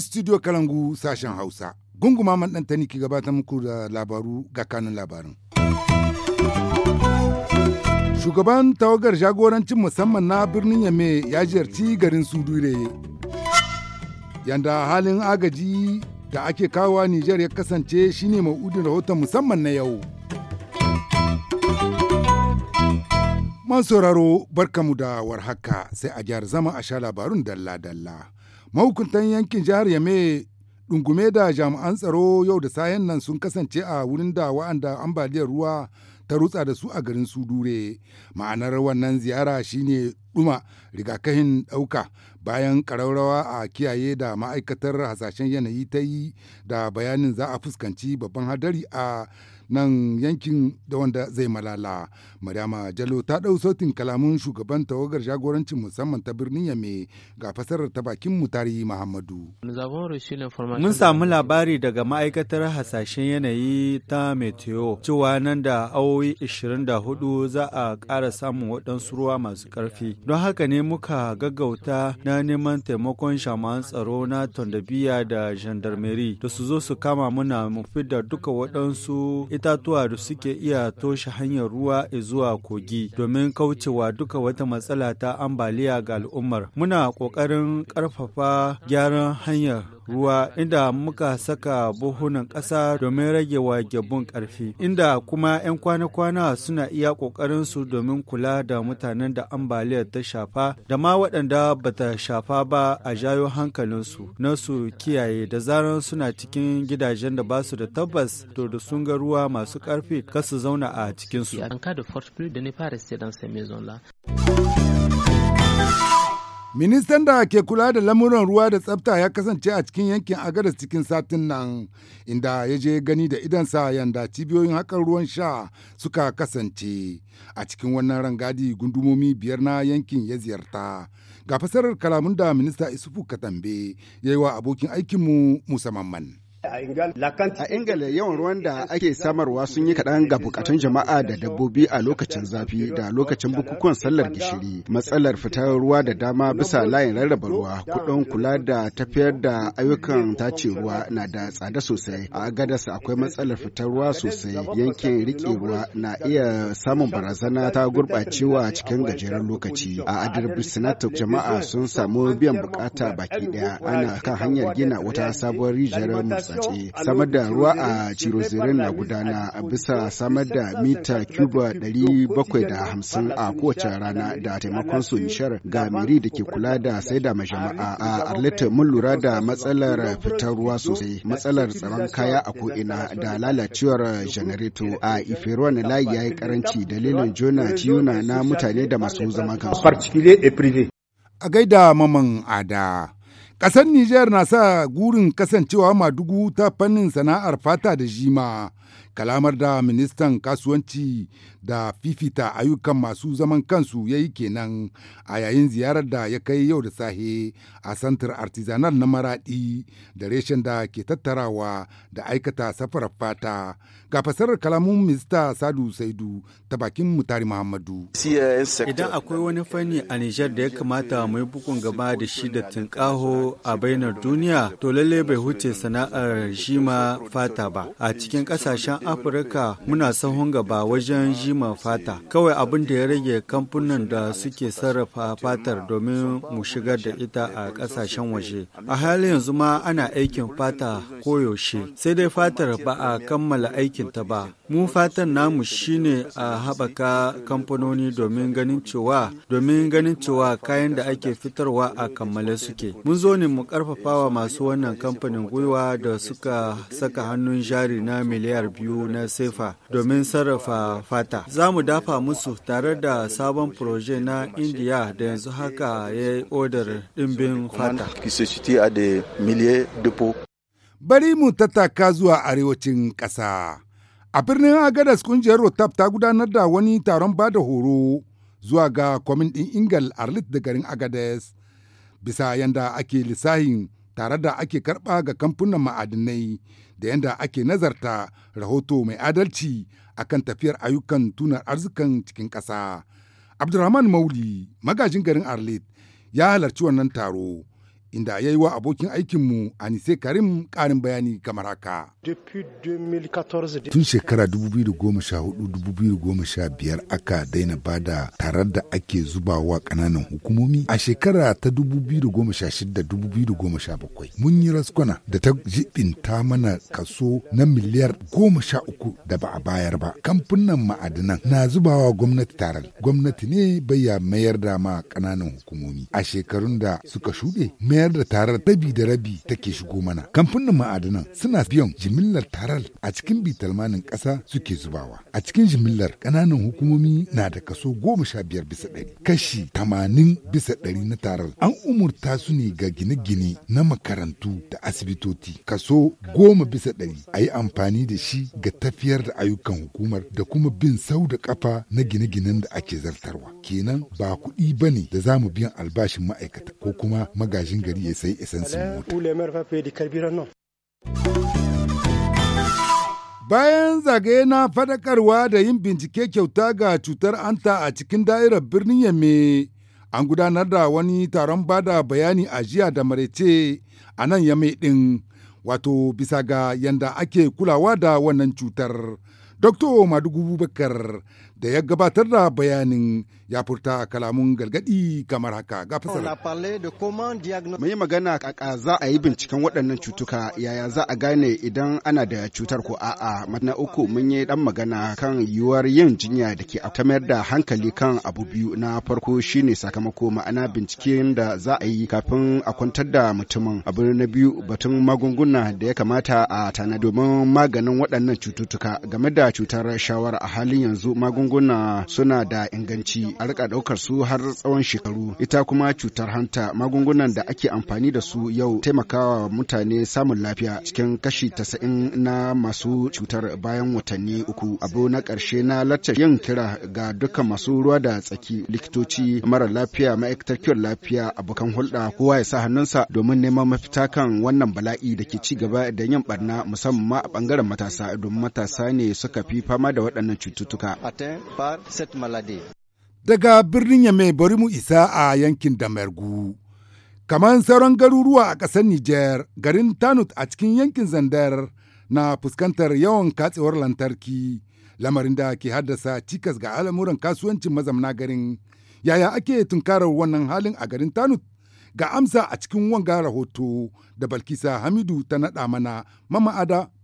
studio Kalangu. sashen Hausa. Gunguma man ɗantani ki gabatar muku da labaru ga kanun labarin. Shugaban tawagar jagorancin musamman na birnin Yame ya jiyarci garin Sudure. Yanda halin agaji da ake kawowa Nijar ya kasance shine ma'udin rahoton musamman na yau. Man sauraro barkamu da warhaka sai a jihar zama a sha labarun dalla-dalla. Mahukuntan yankin jihar Yame dungume da jami'an tsaro yau da sayan nan sun kasance a wurin da wa'anda ambaliyar ruwa ta rutsa da su a garin Sudure. Ma'anar wannan ziyara shine ɗuma rigakafin ɗauka bayan ƙararrawa a kiyaye da ma'aikatar hasashen yanayi ta yi da bayanin za a fuskanci babban hadari a nan yankin da wanda zai malala. Maryama Jalo ta ɗau sautin kalamun shugaban tawagar jagorancin musamman ta birnin Yame ga fasarar ta bakin mu tarihi Muhammadu. Mun samu labari daga ma'aikatar hasashen yanayi ta Meteo cewa nan da awowi 24 za a ƙara samun waɗansu ruwa masu ƙarfi. Don haka ne muka gaggauta na neman taimakon shaman tsaro na tondabiya da gendarmerie da su zo su kama muna mu da duka waɗansu itatuwa da suke iya toshe hanyar ruwa zuwa kogi domin kaucewa duka wata matsala ta ambaliya ga al'ummar. Muna ƙoƙarin ƙarfafa gyaran hanyar ruwa inda muka saka buhunan ƙasa domin rage wa gyabun ƙarfi inda kuma 'yan kwana-kwana suna iya ƙoƙarin su domin kula da mutanen da ambaliyar ta shafa da ma waɗanda ba ta shafa ba a jayo hankalinsu na su kiyaye da zarar suna cikin gidajen da ba su da tabbas to da sun ga ruwa masu ƙarfi kasu zauna a cikinsu. Ministan da ke kula da lamuran ruwa da tsafta ya kasance a cikin yankin Agadas cikin satin nan inda ya je gani da sa yanda cibiyoyin hakan ruwan sha suka kasance. A cikin wannan rangadi gundumomi biyar na yankin ya ziyarta. Ga fasarar kalamun da minista Isufu Katambe ya yi wa abokin aikinmu Musa Mamman. A ingala yawan ruwan da ake samarwa sun yi kaɗan ga bukatun jama'a da dabbobi a lokacin zafi da lokacin bukukuwan sallar gishiri. Matsalar fitar ruwa da dama bisa layin rarraba ruwa, kuɗin kula da tafiyar da ayyukan tace ruwa na da tsada sosai. A gadas akwai matsalar fitar ruwa sosai. Yankin riƙe ruwa na iya samun barazana ta gurɓacewa cikin gajeren lokaci. A sinatok jama'a sun samu biyan bukata baki ɗaya. Ana kan hanyar gina wata sabuwar rijiyar musa. ce samar da ruwa a cirozirin na gudana a bisa samar da mita cuba 750 a kowace rana da taimakon su nishar ga miri da ke kula da sai da majama'a a arlita mun lura da matsalar fitar ruwa sosai matsalar tsaron kaya a ko'ina da lalacewar janareto a ifirwa na layi ya yi karanci dalilin jona ciyuna na mutane da masu zaman kansu a gaida maman ada Ƙasar Nijar na sa gurin kasancewa madugu ta fannin sana'ar fata da jima. kalamar da ministan kasuwanci da fifita ayyukan masu zaman kansu ya yi kenan a yayin ziyarar da ya kai yau da sahe a santar artisanal na maradi da reshen da ke tattarawa da aikata safarar fata ga fasarar kalamun minista sadu saidu ta bakin mutari muhammadu idan akwai wani fanni a nijar da ya kamata mai bukun gaba da shi da tunkaho a bainar duniya to lallai bai huce sana'ar shima fata ba a cikin ƙasashe kasashen Afirka muna sahun gaba wajen jima fata. Kawai abin da ya rage kamfanin da suke sarrafa fatar domin mu shigar da ita a kasashen waje. A halin yanzu ma ana aikin fata koyaushe, sai dai fatar ba a kammala aikin ta ba. Mu fatan namu shine a haɓaka kamfanoni domin ganin cewa domin ganin cewa kayan da ake fitarwa a kammale suke. Mun zo ne mu wa masu wannan kamfanin gwiwa da suka saka hannun jari na miliyar biyu na sefa domin sarrafa fata za mu dafa musu tare da sabon proje na indiya da yanzu haka ya yi odar ɗimbin fata bari mu tattaka zuwa arewacin ƙasa a birnin agadas kungiyar rotap ta gudanar da wani taron ba da horo zuwa ga kwamin ɗin ingal arlit da garin agadas bisa yanda ake lissahin tare da ake karɓa ga kamfunan ma'adinai da yadda ake nazarta rahoto mai adalci akan tafiyar ayyukan tunar arzikan cikin ƙasa. Abdurrahman Mauli, magajin garin Arlit, ya halarci wannan taro. inda ya yi wa abokin aikinmu Anise Karim karin bayani kamar haka. Tun shekara 2014-2015 aka daina bada tarar da ake zubawa kananan hukumomi a shekara ta 2016-2017 mun yi raskwana da ta jibinta mana kaso na miliyar 13 da ba a bayar ba. Kamfunan ma'adinan na zuba wa gwamnati tarar. Gwamnati ne bayya mayar da ma kananan hukumomi a shekarun da suka shuɗe. mayar da tarar rabi da rabi take shigo mana kamfanin ma'adanan suna biyan jimillar tarar a cikin bitalmanin ƙasa suke zubawa a cikin jimillar ƙananan hukumomi na da kaso goma sha biyar bisa ɗari kashi tamanin bisa ɗari na tarar an umurta su ne ga gine-gine na makarantu da asibitoti kaso goma bisa ɗari a yi amfani da shi ga tafiyar da ayyukan hukumar da kuma bin sau da kafa na gine-ginen da ake zartarwa kenan ba kuɗi ba ne da za mu biyan albashin ma'aikata ko kuma magajin gari ya sai mota. Bayan zagaye na faɗakarwa da yin bincike kyauta ga cutar anta a cikin da'irar birnin Yamme, an gudanar da wani taron bada bayani a jiya da marece a nan Yamme ɗin, wato bisa ga yanda ake kulawa da wannan cutar. Dr. Madugu Bakar da ya gabatar da bayanin ya furta kalamun galgadi kamar haka ga Mai magana kaka za a yi binciken waɗannan cutuka yaya za a gane idan ana da cutar ko a'a. Na uku mun yi ɗan magana kan yiwuwar yin jinya da ke a tamayar da hankali kan abu biyu na farko shine sakamako ma'ana binciken da za a yi kafin a kwantar da mutumin. Abu na biyu batun magunguna da ya kamata a tana domin maganin waɗannan cututtuka game da cutar shawara a halin yanzu magunguna suna da inganci a rika daukar su har tsawon shekaru ita kuma cutar hanta magungunan da ake amfani da su yau taimakawa mutane samun lafiya cikin kashi tasa'in na masu cutar bayan watanni uku abu na karshe na lacca yin kira ga dukkan masu ruwa da tsaki likitoci mara lafiya ma'aikatar kiwon lafiya abokan hulɗa kowa ya sa hannunsa domin neman mafita kan wannan bala'i da ke ci gaba da yin barna musamman a ɓangaren matasa domin matasa ne suka suka fi fama da waɗannan cututtuka. Daga birnin Yame bari mu isa a yankin Damergu. Kamar sauran garuruwa a ƙasar Nijar, garin Tanut a cikin yankin Zandar na fuskantar yawan katsewar lantarki, lamarin da ke haddasa cikas ga al'amuran kasuwancin mazamna garin. Yaya ake tunkarar wannan halin a garin Tanut? Ga amsa a cikin wanga rahoto da Balkisa Hamidu ta naɗa mana, mama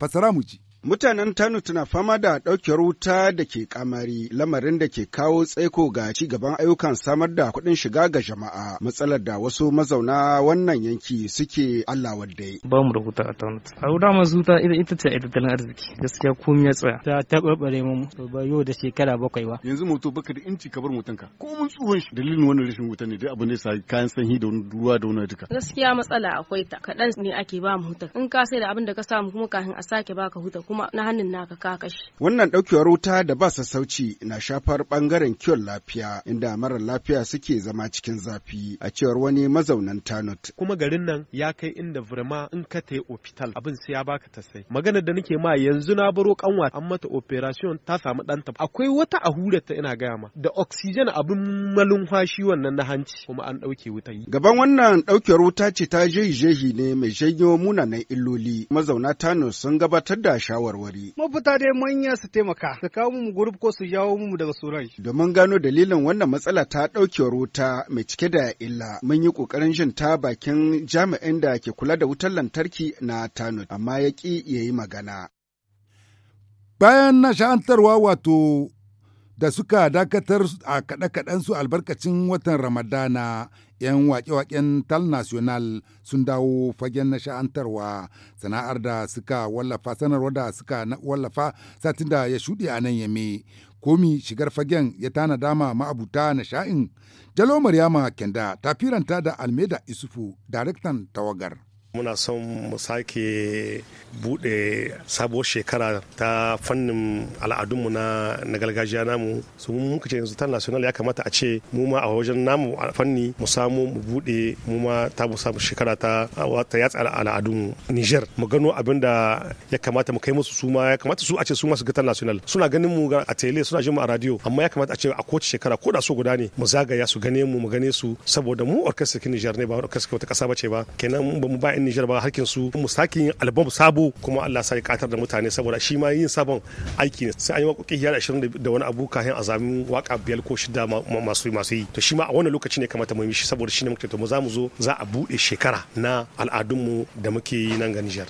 fasara mu Mutanen TANU tana fama da ɗaukewar wuta da ke kamari lamarin da ke kawo tsaiko ga ci gaban ayyukan samar da kuɗin shiga ga jama'a matsalar da wasu mazauna wannan yanki suke Allah wadda Ba mu da wuta a Tanu. A wuta masu wuta ita ita ce a tattalin arziki gaskiya komai ya tsaya. Ta taɓarɓare mu ba yau da shekara bakwai ba. Yanzu moto baka da inci kabar motan ka ko mun tsohon shi dalilin wannan rashin wuta ne dai abu ne sa kayan sanyi da ruwa da wani duka. Gaskiya matsala akwai ta kaɗan ne ake ba mu hutar in ka sai da abin da ka samu kuma kafin a sake baka hutar kuma na hannun naka ka kashe. Wannan ɗaukewar wuta da ba sassauci na shafar ɓangaren kiwon lafiya inda marar lafiya suke zama cikin zafi a cewar wani mazaunan Tanut. Kuma garin nan ya kai inda vrema in ka tayi opital abin sai ya baka ta sai. Magana da nake ma yanzu na baro kanwa an mata operation ta samu ɗanta. Akwai wata ahura ta ina gaya ma da oxygen abin fashi wannan na hanci kuma an ɗauke wutan. Gaban wannan ɗaukewar wuta ce ta jehi jehi ne mai janyo munanan illoli mazauna Tanut sun gabatar da shawara shawarwari. Mafita dai manya su taimaka su kawo mu gurub ko su jawo mu daga surai. Domin gano dalilin wannan matsala ta ɗaukewar wuta mai cike da illa mun yi ƙoƙarin jin ta bakin jami'in da ke kula da wutar lantarki na Tano, amma ya ƙi ya yi magana. Bayan na sha'antarwa wato da suka dakatar a kaɗe su albarkacin watan Ramadana, 'yan waƙe-waƙen Tal National sun dawo fagen na sha'antarwa sana'ar da suka wallafa sanarwar da suka wallafa satin da ya shuɗe a nan yame. Komi shigar fagen ya tana dama ma'abuta na sha'in. Jalo Maryama Kenda ta da Almeda Isufu, daraktan tawagar. muna son mu sake bude sabuwar shekara ta fannin al'adunmu na na gargajiya namu su mun muka ce yanzu ta national ya kamata a ce mu ma a wajen namu a fanni mu samu mu bude mu ma ta mu samu shekara ta ta yatsa al'adun Niger mu gano abin da ya kamata mu kai musu su ma ya kamata su a ce su ma su ga ta national suna ganin mu a tele suna jin mu a radio amma ya kamata a ce a kowace shekara ko da so guda ne mu zagaya su gane mu mu gane su saboda mu orkestra Niger ne ba orkestra wata kasa ce ba kenan ba mu ba 'yan Nijar ba harkin su mu sake yin album sabo kuma Allah sa katar da mutane saboda shi ma yin sabon aiki ne sai an yi wakoki ya 20 da wani abu kafin a zami waka biyar ko shida masu masu yi to shi ma a wannan lokaci ne kamata mu yi shi saboda shi ne muke to mu za mu zo za a buɗe shekara na al'adunmu da muke yi nan ga Nijar.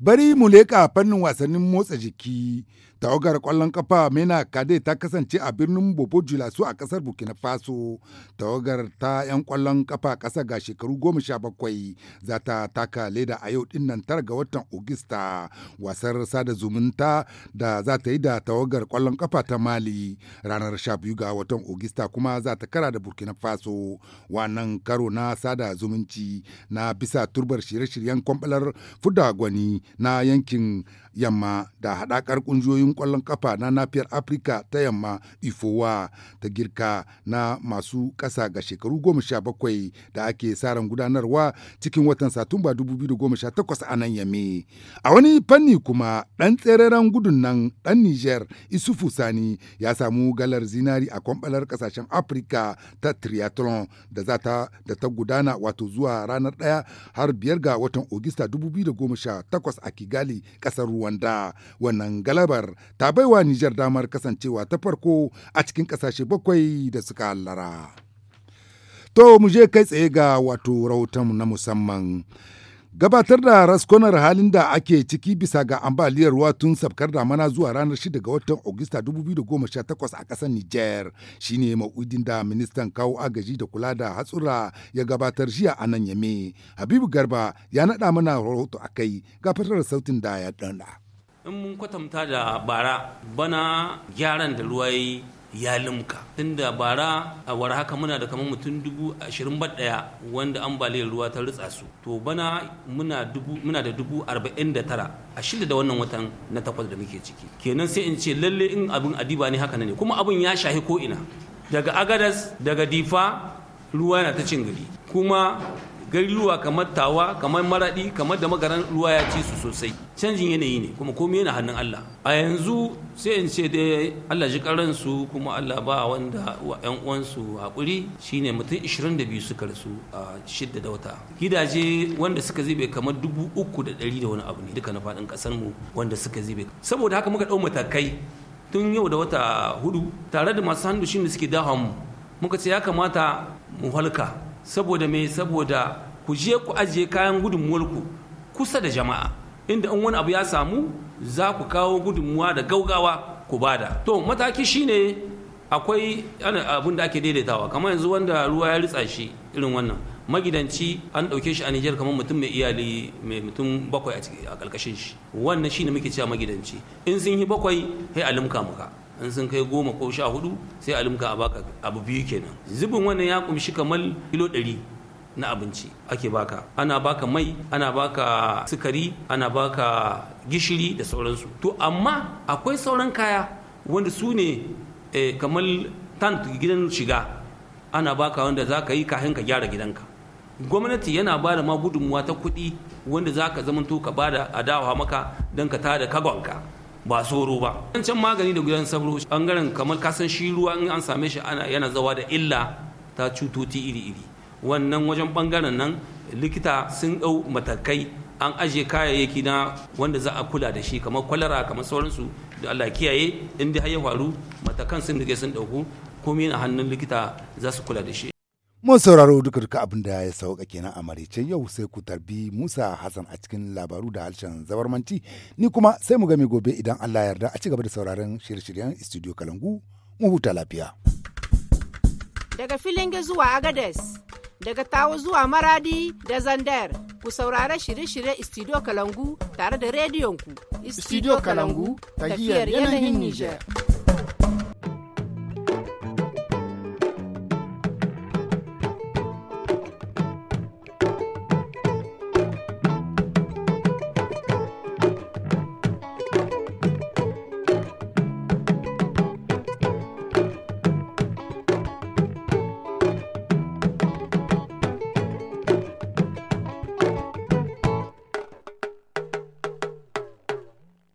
Bari mu leka fannin wasannin motsa jiki tawagar kwallon kafa mena kade ta kasance a birnin bobo julasu a kasar burkina faso tawagar ta 'yan kwallon kafa kasa ga shekaru goma sha bakwai za ta taka leda a yau dinnan tara ga watan ogista wasar sada zumunta da za ta yi da tawagar kwallon kafa ta mali ranar sha biyu ga watan ogista kuma za ta kara da burkina faso wannan karo na sada zumunci na bisa turbar shirye-shiryen kwambalar fuda gwani na yankin yamma da haɗakar ƙungiyoyin ƙwallon kafa na nafiyar afirka ta yamma ifowa ta girka na masu ƙasa ga shekaru goma bakwai da ake tsarin gudanarwa cikin watan satumba 2018 a nan yame a wani fanni kuma ɗan tsereren gudun nan ɗan niger isufu sani ya samu galar zinari a kwambalar ƙasashen afirka ta triathlon da za ta da ta gudana wato zuwa ranar ɗaya har biyar ga watan ogista 2018 a kigali ƙasar ruwa wanda wannan galabar ta baiwa Nijar damar kasancewa ta farko a cikin ƙasashe bakwai da suka hallara. To mu je kai tsaye ga wato rahoton na musamman. Gabatar da raskonar halin da ake ciki bisa ga ambaliyar ruwa tun da mana zuwa ranar 6 ga watan Agusta 2018 a ƙasar Nijar shine ma'udin da ministan kawo agaji da kula da hatsura ya gabatar shi a nan yame. Habibu Garba ya naɗa mana rahoto a kai gafatar sautin da ya ɗanɗa. In mun kwatanta da bara bana gyaran da ruwa yi ya limka tunda bara a war haka muna da kamar mutum dubu ashirin daya wanda ambaliyar ruwa ta ritsa su to bana muna muna da dubu arba'in da tara a shida da wannan watan na takwas da muke ciki kenan sai in ce lalle in abin adiba ne haka ne kuma abin ya shahi ko ina daga agadas daga difa ruwa na ta cin gari kuma gariluwa kamar tawa kamar maradi kamar da magaran ruwa ya ci su sosai canjin yanayi ne kuma komai yana hannun Allah a yanzu sai in ce dai Allah ji karan su kuma Allah ba wanda wa ƴan uwansu hakuri shine mutum 22 suka rasu a shidda da wata gidaje wanda suka zube kamar dubu uku da ɗari da wani abu ne duka na faɗin ƙasar mu wanda suka zube saboda haka muka ɗau matakai tun yau da wata hudu tare da masu hannu shin suke dawa mu muka ce ya kamata mu halka saboda mai saboda ku je ku ajiye kayan gudunmuwarku kusa da jama'a inda in wani abu ya samu za ku kawo gudunmuwa da gaugawa ku bada to mataki shine akwai abin da ake daidaitawa kamar yanzu wanda ruwa ya ritsa shi irin wannan magidanci an ɗauke shi a Nijar kamar mutum mai iyali mai mutum bakwai a ƙarƙashin shi wannan shine muke cewa magidanci in sun yi bakwai sai a limka muka in sun kai goma ko sha hudu sai a limka abu biyu kenan zubin wannan ya kumshi kamar kilo ɗari na abinci ake baka ana baka mai ana baka sukari ana baka gishiri da sauransu to amma akwai sauran kaya wanda su ne eh, kamar tant gidan shiga ana baka wanda za ka yi kahin ka gyara gidanka gwamnati yana ba da ma gudunmuwa ta kuɗi wanda za ka zamanto ka ba da adawa maka don ka tada kagonka ba tsoro ba can magani da gudan sabro bangaren kamar kasan shi ruwa in an same shi ana yana zawa da illa ta cutoti iri iri wannan wajen bangaren nan likita sun dau matakai an aje kayayyaki na wanda za a kula da shi kamar kwalara kamar sauransu da Allah kiyaye inda har ya faru matakan sun rige sun dauku komai a hannun likita za su kula da shi Mun sauraro duka duka abin da ya sauka kenan a maraicen yau sai ku tarbi Musa Hassan a cikin labaru da harshen zabarmanci ni kuma sai mu mai gobe idan Allah yarda a ci gaba da sauraron shirye-shiryen Studio Kalangu mu huta lafiya. Daga Filinge zuwa Agades, daga Tawo zuwa Maradi da Zandar, ku saurara shirye shiryen Studio Kalangu tare da rediyonku. Studio Kalangu, tafiyar yanayin Niger.